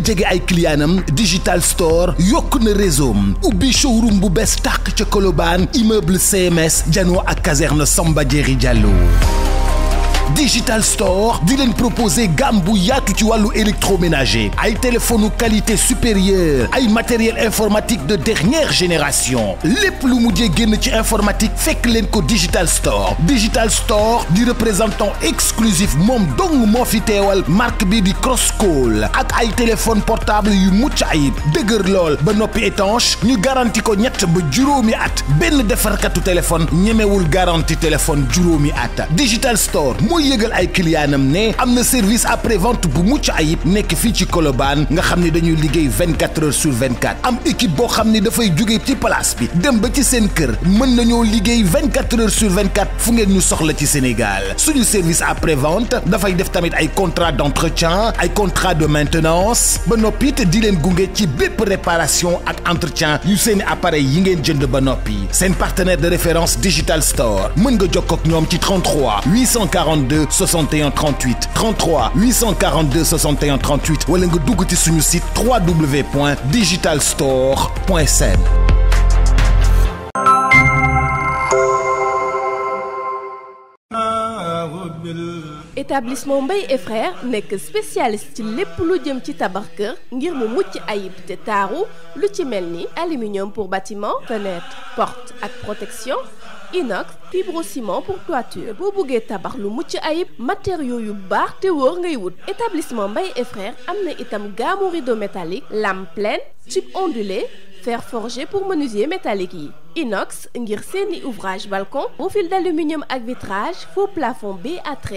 gën jege ay clientam digital store yokk na réseau ubbi showroom bu bees tàq ca Colobane immeuble CMS janoo ak somba Samba Diéry Diallo digital store di leen proposer gam bu yaatu ci wàllu électroménager ay téléphone u qualité supérieure ay matériel informatique de dernière génération lépp lu mujjee génn ci informatique fekk leen ko digital store digital store di représentant exclusif moom dong moo fi teewal marque bi di Crosscall ak ay téléphone portable yu mucc ayib dëgër lool ba noppi étanche ñu garanti ko ñett ba juróomi at benn defarkatu téléphone ñemewul garanti téléphone juróomi at digital store mooy yëgal ay clientam ne am na service après vente bu mucc ayib nekk fii ci Colobane nga xam ne dañuy liggéey 24 heures sur 24 am équipe boo xam ne dafay jóge ci place bi dem ba ci seen kër mën nañoo liggéey 24 heures sur 24 fu ngeen ñu soxla ci Sénégal suñu service après vente dafay def tamit ay contrat d'entretien ay contrat de maintenance ba noppi te di leen gunge ci bépp réparation ak entretien yu seeni appareil yi ngeen jënd ba noppi seen partenaire de référence Digital Store mën nga jokkoo ak ñoom ci 33 840 842 61 38 33 842 61 38 wala nga dugg ci suñu site www.digitalstore.sn établissement Mbaye et frères nekk spécialiste ci lépp lu jëm ci tabax kër ngir mu mucc ayib te taaru lu ci mel ni aluminium pour bâtiment fenêtre porte ak protection inox fibrociment pour toiture boo bëggee tabax lu mucc ayib matériaux yu baax te wóor ngay wut établissement Mbaye et am na itam gamme rideau métallique lame pleine tube ondulé fer forgé pour menuisier métallique yi inox ngir seeni ouvrage balcon profil d'aluminium ak vitrage faux plafond BA13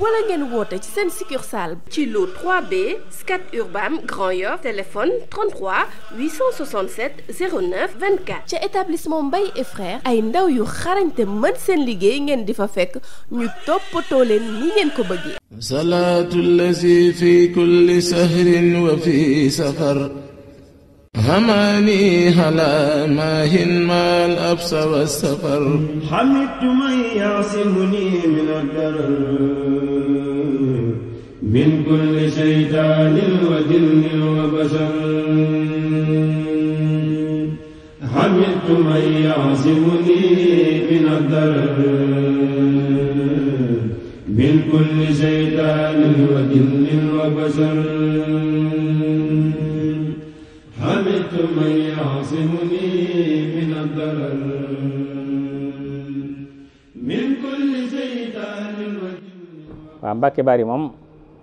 wala ngeen woote ci seen succursale ci lu 3B Scat Urbam Grand Yoff téléphone 33 867 09 24 ca établissement Mbaye et ay ndaw yu xarañte mën seen liggéey ngeen di fa fekk ñu toppatoo leen ni ngeen ko bëggee salaatu fi kulli sahrin wa fi safar هماني هلا ماهن ما الأبس والسفر حمدت من يعصمني من الضرر من كل شيطان وجن وبشر حمدت من يعصمني من الضرر Mbàkke Bari moom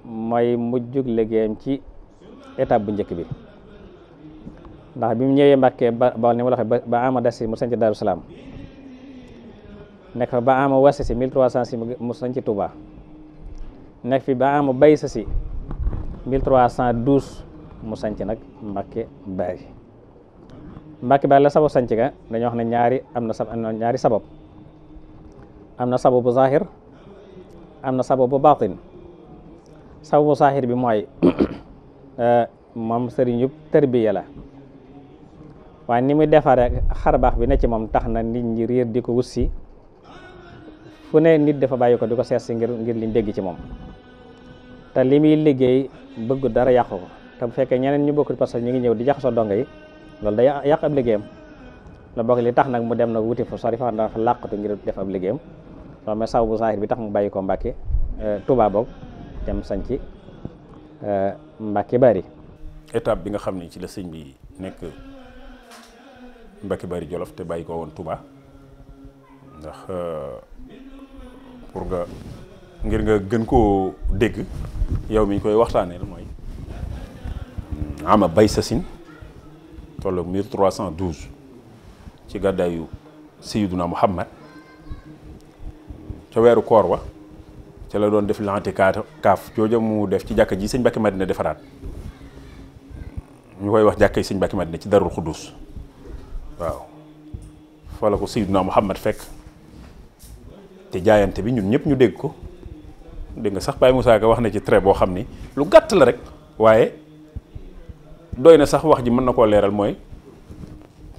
mooy mujjug liggéeyam ci étape bu njëkk bi ndax bi mu ñëwee Mbàkke ba ba ni ma la waxee ba ama dasi mu sanc Daaru Salaam nekk fa ba ama wasi si 1306 mu sanc nekk fi ba ama bay sa si 1312 mu sanc nag Mbàkke Bari Mbàkke Bari la sababu sanc ga dañoo wax ne ñaari am na ñaari sabab am na sababu zahir am na bu baatin sababu saaxir bi mooy eh, moom sëriñ yëpp tërbiya la waaye ni muy defaree xar baax bi ne ci moom tax na nit ñi réer di ko wutsi fu ne nit dafa bàyyi ko di ko seet si ngir ngir liñ dégg ci moom te li muy liggéey bëgg dara yàqu ko te bu fekkee ñeneen ñu bokkul parce que ñu ngi ñëw di jaxasoo donga yi loolu day yàq ab liggéeyam la bokk li tax nag mu dem nag wuti fu sori fa dafa làqatu ngir def ab liggéeyam ma saw bu saahir bi tax mu bàyyi ko Mbàkke euh, Touba boog dem sañci ci euh, Mbàkke Bari étape bi nga xam ne ci la sëñ bi nekk Mbàkke Bari Jolof te bàyyi ko woon Touba ndax euh, pour nga ngir nga gën koo dégg yow mi ñu koy waxtaaneel mooy mm, am a bay sasin tolloog 1312 ci gàddaayu Sayyiduna Muhammad ca weeru koor wa ca la doon def lanti kaata kaaf jooja mu def ci jàkka ji sëñ Mbàkke Madina defaraat ñu koy wax jàkka yi sëñ Mbàkke Madina ci darul xuddus waaw fa la ko Seydina Muhammad fekk te jaayante bi ñun ñëpp ñu dégg ko dégg nga sax Baye Moussa wax na ci trait boo xam ni lu gàtt la rek waaye doy na sax wax ji mën na koo leeral mooy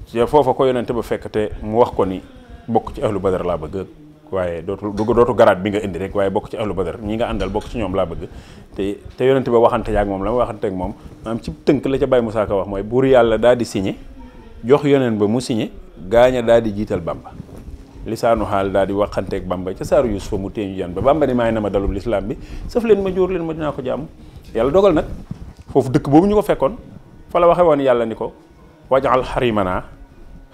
ci foofa ko yonente ba fekk te mu wax ko ni bokk ci ahlu badar laa bëgg waaye dootul dootu garaat bi nga indi rek waaye bokk ci ahlu badar ñi nga àndal bokk ci ñoom laa bëgg te te yonente ba waxante yaag moom la ma waxante ak moom maanaam tënk la ca Baye Moussa Ka wax mooy buur yàlla daal di signé jox yoneen ba mu signé gaaña daal di jiital Bamba lisaanu xaal daal di waxanteeg Bamba ca saaru Yuusufa mu teeñu jan ba Bamba maay na ma dalub lislaam bi saf leen ma jóor leen ma dinaa ko jàmm yàlla dogal nag foofu dëkk boobu ñu ko fekkoon fa la woon yàlla ni ko wajaxal xarimana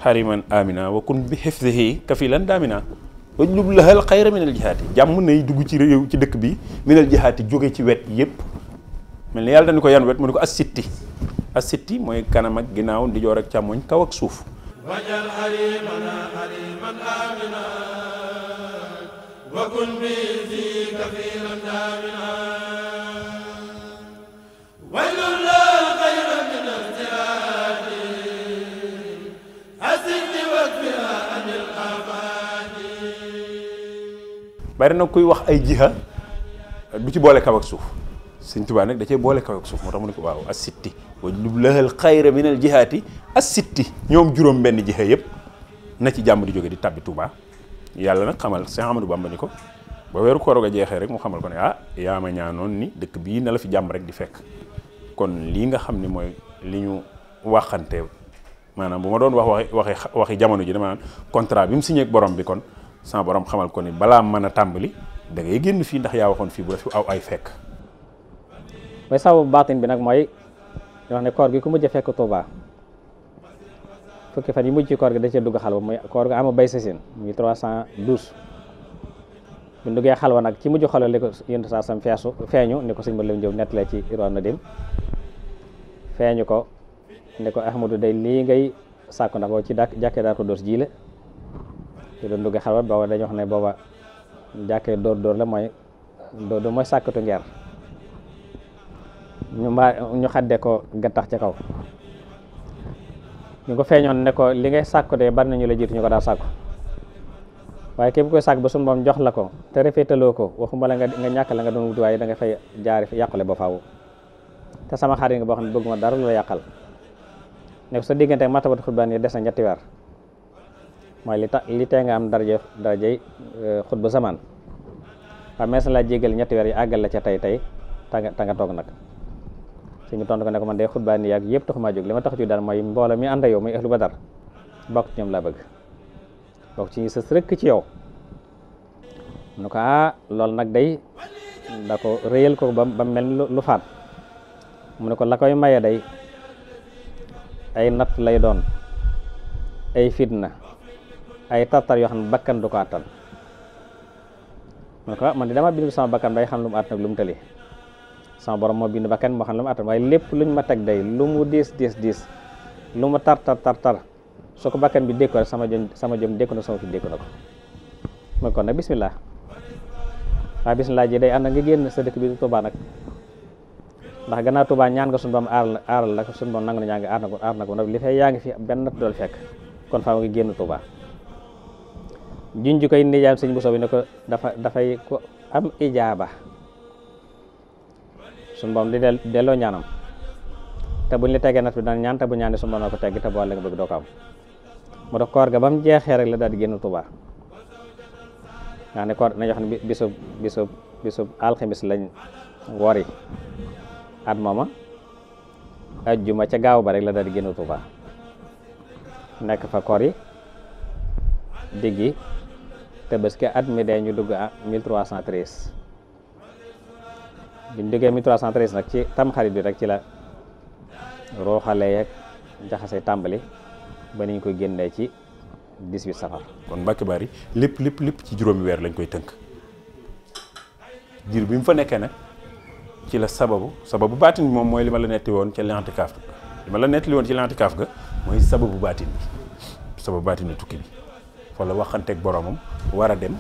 xariman amina wa kun bi xifdihi kafilan daamina wañ lub laxal xayra minal jihaati jàmm nay dugg ci réew ci dëkk bi minal jihaati jóge ci wet yépp mel ni yàlla dañu ko yan wet mu ne ko asitti asitti mooy kanam ak ginnaaw ndijoor ak càmmoñ kaw ak suuf wajal alimana aliman amina wa kun bi bari na koy wax ay jiha du ci boole kaw ak suuf sëñ Tuubaa nag da cee boole kaw ak suuf moo tax mu ne waaw a sitti wajlub lahal xayra min al jihaati a sitti ñoom juróom benn jiha yëpp na ci jàmm di jóge di tabbi Tuubaa yàlla nag xamal Sëñ Amadou Bamba ko ba weeru koor ga jeexee rek mu xamal ko ne ah yaa ma ñaanoon ni dëkk bii na la fi jàmm rek di fekk kon lii nga xam ni mooy li ñu waxante maanaam bu ma doon wax waxi waxi jamono ji dama naan contrat bi mu signé ak bi kon sama borom xamal ko ni balaa mën a tàmbali da ngay génn fii ndax yaa waxoon fii bu la fi aw ay fekk. mooy sababu baatin bi nag mooy ñu wax ne koor gi ku mujj a fekk Tuuba fukki fan yi mujj ci koor gi da cee dugg xalwa mooy koor gi ama bay sasin muy 312. bu duggee xalwa nag ci mujj xalwa li ko yënd saa sam feesu feeñu ne ko sëñ Malick Diop nettalee ci Irwan Nadim feeñu ko ne ko Ahmadou day lii ngay sàkku na ko ci dàkk jàkkee daal ko doos jiile. ci doon dugg xalwat booba dañuy wax ne booba jàkkee dóor dóor la mooy dóor mooy sàkkatu ngeer ñu mbaa ñu xadde ko gattax ci kaw ñu ko feeñoon ne ko li ngay sàkku de bari nañu la jiitu ñu ko daa sàkk waaye képp koy sàkk ba suñu moom jox la ko te rafetaloo ko waxuma la nga nga ñàkk la nga doon waaye da nga fay jaari yàqule ba faaw sama xarit nga boo xam ne bëgguma dara lu la yàqal ne ko sa diggante matabatu xutbaan yi des na ñetti mooy li tax nga am daraja darajay euh, xutba samaan waaw mees laa jégal ñetti weer yi àggal la ca tey tey ta nga toog nag suñu ton ko ne ko man de xutbaa ni yàgg yëpp taxumaa jóg li ma tax ju daal mooy mbooloo mi ànd yow muy ahlu laa bëgg bokk ci ñu ci yow nu ko ah loolu nag day da ko réyal ko ba ba mel lu faat mu ne ko la koy maye day ay nat lay doon ay fitna ay tartar yoo xam ne bakkan du ko attan mu ne ah, man de dama bindu sama bakkan bay xam lu mu attan ak lu mu sama borom moo bind bakkan moo xam lu mu attan waaye lépp luñ ma teg day lu mu diis diis diis lu mu tartar tartar su ko bakkan bi dékku sama jom sama jom dékku na sama fi dékku na kon nag bismillah waaye bismillah ji day ànd nga génn sa dëkk bi du Tuubaa nag ndax gannaaw Tuubaa ñaan nga suñu borom aaral aaral la suñu borom nangu na ñaa ngi aar na ko aar na ko li fay yaa ngi fi benn dool fekk kon faaw nga génn Tuubaa junj koy nijaam sëñ Bousso bi ne ko dafa dafay ko am ijaaba suñu boom di delloo ñaanam te buñ la tegee nat bi daan ñaan te bu ñaanee suñu boom na ko tegg te bu wàll nga bëgg doo ko am mu ga ba mu jeexee rek la daal di génn Tuuba nga xam ne koor nañu wax lañ wori at mooma ajjuma ca gaaw ba rek la daal di génn Tuuba nekk fa koor yi diggi tabaski at mi dee ñu dugg à 1313 biñ duggee 1313 nag ci tamxarit bi rek ci la rooxale yeeg jaxase tàmbali ba niñ ko génnee ci 18 safar. kon Mbacke Bary lépp lépp lépp ci juróomi weer lañ koy tënk diir bi mu fa nekkee nag ci la sababu sababu baatin bi moom mooy li ma la netti woon ci l'intikaaf li ma la netti woon ci l'intikaaf ga mooy sababu baatin bi sababu baatin bi tukki bi. wala waxanteeg boromam war a dem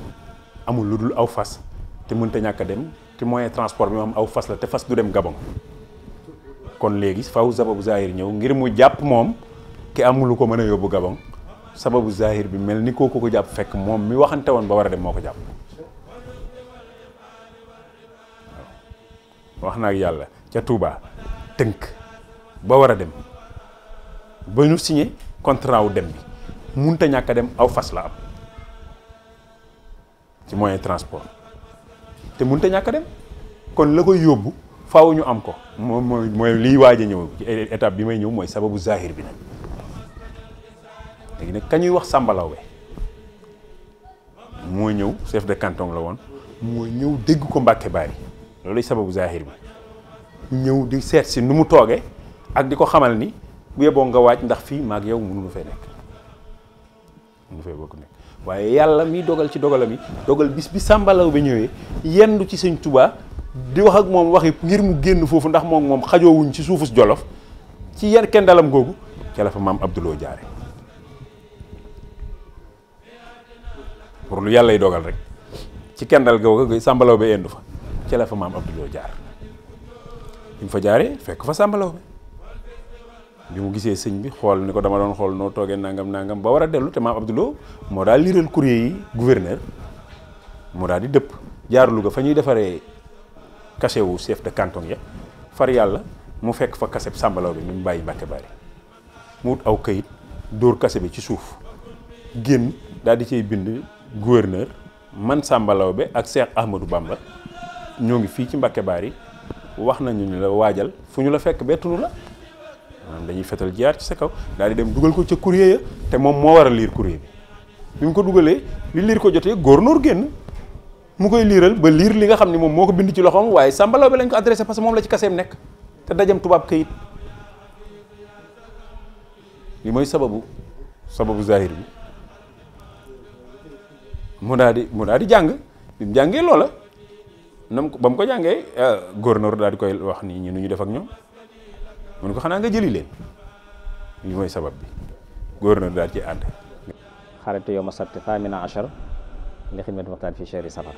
amul lu dul aw fas te te ñàkk dem te moyen transport bi moom aw fas la te fas du dem Gabon kon léegi faw sababu zahir ñëw ngir mu jàpp moom ki amulu ko mën a yóbbu Gabon sababu zahir bi mel ni koo ko jàpp fekk moom mi waxante woon ba war a dem moo ko jàpp wax na ak yàlla ca Touba tënk ba war a dem ba ñu signé contrat wu dem bi munta ñàkk a dem aw fas la am ci moyen transport te munta ñàkk a dem kon la koy yóbbu faw ñu am ko moom mooy mooy liy waaj a ñëw ci étape bi may ñëw mooy sababu zahir bi nag léegi nag kañuy wax Samba moo ñëw chef de canton la woon moo ñëw dégg ko Mbàkke Bari loolu sababu zahir bi ñëw di seet si nu mu toogee ak di ko xamal ni bu yeboo nga waaj ndax fii maag yow mënuñu fee nekk mu ngi fay nekk waaye yàlla miy dogal ci dogalam yi dogal bis bi sàmbalaw bi ñëwee yendu ci sëñ tubaa di wax ak moom waxit ngir mu génn foofu ndax moom moom xajoowuñ ci suufus jolof ci yan kenn dalam googu ca la fa maam abduloo pour lu yàllay dogal rek ci kendal googu sàmbalaw ba yendu fa fa maam abduloo jaar bi fa jaaree fekk fa sàmbalaw ba bi mu gisee sëñ bi xool ni ko dama doon xool noo toogee nangam nangam ba war a dellu te maam Abdoulou moo daal liiral courrier yi gouverneur moo daal di dëpp jaarlu Louga fa ñuy defaree cachet wu chef de canton ya far yàlla mu fekk fa cachet sàmbalaw bi ñu bàyyi Mbàkke Bari mu wut aw kayit dóor kase bi ci suuf génn daal di cay bind gouverneur man sàmbalaw bi ak Cheikh Ahmadou Bamba ñoo ngi fii ci Mbàkke yi wax nañu ñu la waajal fu ñu la fekk bettunu la maanaam dañuy fetal jaar ci sa kaw daal di dem dugal ko ca courrier te moom moo war a liir courrier bi bi mu ko dugalee li liir ko jotee góornóor génn mu koy liiral ba liir li nga xam ne moom moo ko bind ci loxoom waaye sàmbalaw bi lañ ko adressé parce que moom la ci kaseem nekk te dajam tubaab kayit li mooy sababu sababu zahir bi mu daal di mu daal di jàng bi mu jàngee loola nam ba mu ko jàngee euh, góornóor daal di koy wax nii ñu nu ñu def ak ñoom mun ko xanaa nga jëli leen li mooy sabab bi gouverneur daal ci ànd xarate yow ma sabti famina achar li xidmati waxtaan fi cheri safar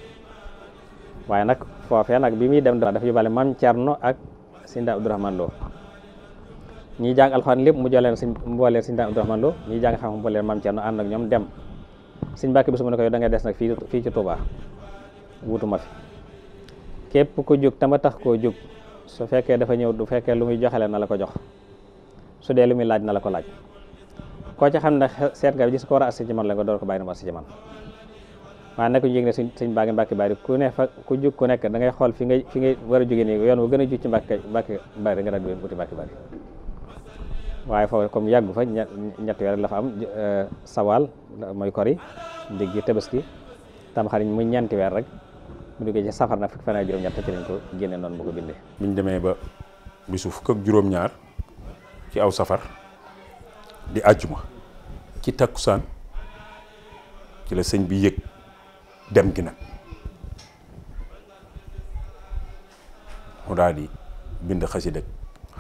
waaye nag foofee nag bi muy dem dafa yóbbaale maam Thierno ak Sinda Abdourahmane Lo ñiy jàng alxuraan mu jëleen suñ mbooleen Sinda Abdourahmane Lo ñiy jàng xam-xam mbooleen maam Thierno ànd ak ñoom dem suñ mbàkk bi su ma ne ko yow da ngay des nag fii fii ci Touba wutuma fi képp ko jóg tama tax koo jóg su fekkee dafa ñëw du fekkee lu muy joxe joxele na la ko jox su dee lu muy laaj na la ko laaj koo ci xam ne seet nga gis ko war a assi ci man la nga door ko bàyyi na mu assi man waaye nag ñu yëg ne suñ suñ baa ku ne fa ku jug ku nekk da fi nga fi nga war a jóge nii yoon bu gën a jug ci mbàkki mbàkki bari nga daal di wuti mbàkki bari waaye foofu comme yàggu fa ñett weer la fa am euh, sawaal mooy kori diggi tabaski tam xarit muy ñeenti weer rek bu duggee ci na fukki fan ak demee ba bisu fukk ak juróom ci aw safar di àjjuma ci takkusaan ci la sëñ bi yëg dem gi nag mu daal di bind xasida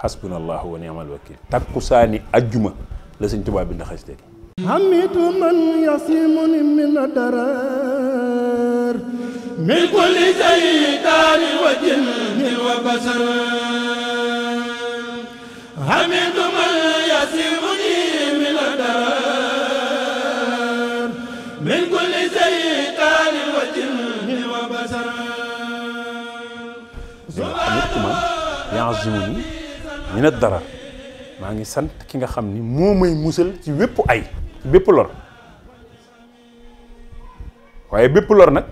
xasbunallahu wa ni'mal wakil takkusaani àjjuma la sëñ Tuubaa bind xasida hamitu man yasimuni min dara من كل شيطان وجن وبشر حمد من يسيرني من الدار من كل شيطان وجن وبشر lépp man yaazimuni min ad-darar maa ngi sant ki nga xam ni moo may musal ci wépp ay ci bépp lor waaye bépp lor nag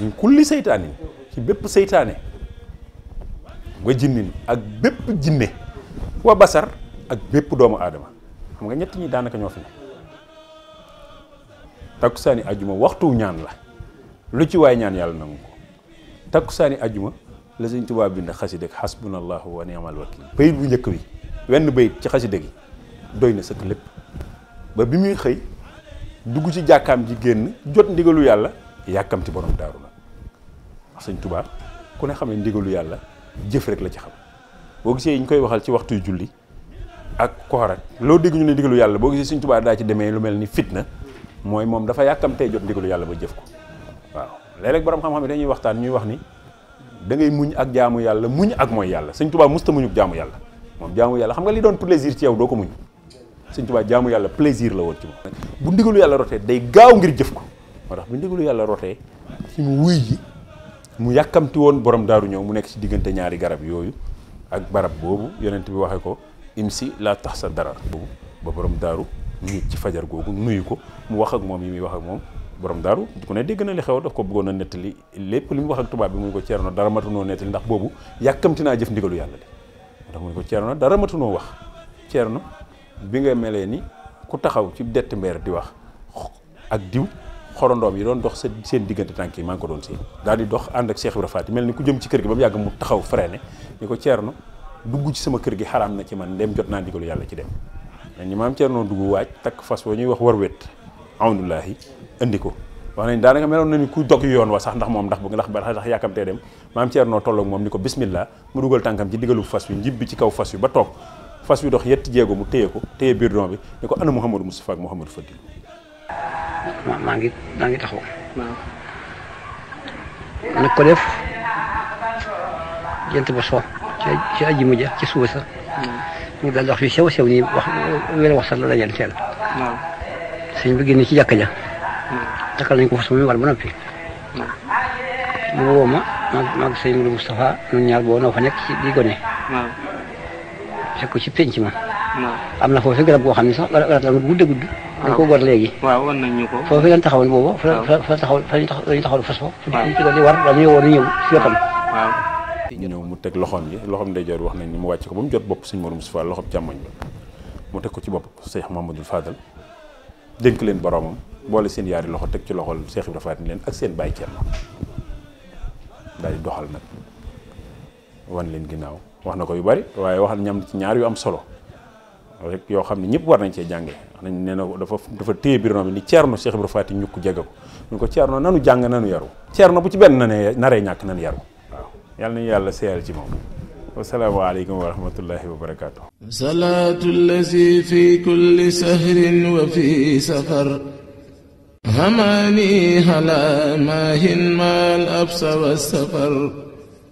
min kulli seytaane ci bépp seytaane wa jinnin ak bépp jinne wa basar ak bépp doomu aadama xam nga ñett ñi daanaka ñoo fi ne takkusaani ajjuma waxtu ñaan la lu ci waay ñaan yàlla nangu ko takkusaani ajjuma la Sëñ Tuubaa bind xasida xasbunallahu wa ni'mal wakil bayit bu njëkk bi wenn bayit ci xasida gi doy na sëkk lépp ba bi muy xëy dugg ci jàkkaam ji génn jot ndigalu yàlla yàkkamti borom daaru sëñ Touba ku ne xam ne ndigalu yàlla jëf rek la ci xam boo gisee yi ñu koy waxal ci waxtuy julli ak ko koor rek loo dégg ñu ne ndigalu yàlla boo gisee sëñ Touba daa ci demee lu mel ni fitna mooy moom dafa yàkkamtee jot ndigalu yàlla ba jëf ko waaw léeg-léeg borom xam-xam yi dañuy waxtaan ñuy wax ni da ngay muñ ak jaamu yàlla muñ ak mooy yàlla sëñ Touba musta muñu jaamu yàlla moom jaamu yàlla xam nga li doon plaisir ci yow doo ko muñ sëñ Touba jaamu yàlla plaisir la woon ci moom bu ndigalu yàlla rotee day gaaw ngir jëf ko moo tax mu yàkkamti woon borom daaru ñëw mu nekk ci diggante ñaari garab yooyu ak barab boobu yeneent bi waxe ko imsi laa tax sa dara boobu ba borom daaru nit ci fajar googu nuyu ko mu wax ak moom yi muy wax ak moom borom daaru ku ne dégg na li xew daf ko bëggoon a nettali lépp li mu wax ak tubaab bi mu ko ceerno dara matunoo nettali ndax boobu yàkkamti naa jëf ndigalu yàlla de ndax mu ne ko ceerno dara matunoo wax ceer ceerno bi nga melee ni ku taxaw ci dett mbeer di wax ak diw xorondoom yi doon dox sa seen diggante tànk yi maa ngi ko doon seen daal di dox ànd ak Cheikh Ibra Faty mel ni ku jëm ci kër gi ba mu yàgg mu taxaw freiné ni ko na ci man dem jot naa ndigalu yàlla ci dem dañ ñu maam ceernoo dugg waaj takk fas wax war wet awnullaahi indi ko wax nañ daanaka meloon nañu ku dog yoon wa sax ndax moom ndax bu ndax ba ndax yàkkamtee dem maam ceernoo tolloog moom ni ko bismillah mu dugal tànkam ci digalu fas wi bi ci kaw fas wi ba toog fas wi dox yetti jéego mu téye ko téye birdon bi ni ko ana Mouhamadou maa ngi maa ngi taxaw. nag ko def jant ba so ci ci aji mu ja ci suba sa. ñu hmm. daal wax yu sew sew nii wax wéla wax sax la dajal teel. waaw bi génn ci jàkka ja. Hmm. takkal nañ ko fas muy war ba noppi. Hmm. mu woo ma maag maag sëñ Mourou Moustapha ñun ñaar boo noo fa nekk ci di gone. waaw ci penc ma. am na foofu garab goo xam ne sax garab la gudd gudd. dañ ko gor léegi. waaw wan nañ ñu ko. foofu lañ taxawoon boobu. waaw fa fa fa taxaw fa lañ taxawoon fas fa. waaw ci doon war dañuy war a ñëw si wetam. waaw. ñëw mu teg loxoom yi loxoom ndeyjoor wax nañ ni mu wàcc ko ba mu jot bopp suñ Mor Moussa loxoom càmmoñ ba mu teg ko ci bopp Cheikh Mamadou Fadal dénk leen boromam boole seen yaari loxo teg ci loxol Cheikh Ibrahima Fatim leen ak seen bàyyi Thierno daal di doxal nag wan leen ginnaaw wax na ko yu bari waaye wax ñam ci ñaar yu am solo rek yoo xam ne ñëpp war nañ cee jànge wax nañ nee na dafa dafa téye biir bi ni Ceerno Cheikh Ibra Faati ñukk jege ko ñu ko Ceerno nanu jàng nanu yaru Ceerno bu ci benn nanee naree ñàkk nanu yaru waaw yàlla nañu yàlla seeyal ci moom wasalaamaaleykum wa rahmatullahi wa barakaatu salaatu llazi fi kulli sahrin wa fi safar hamaani hala maahin maal absa wa safar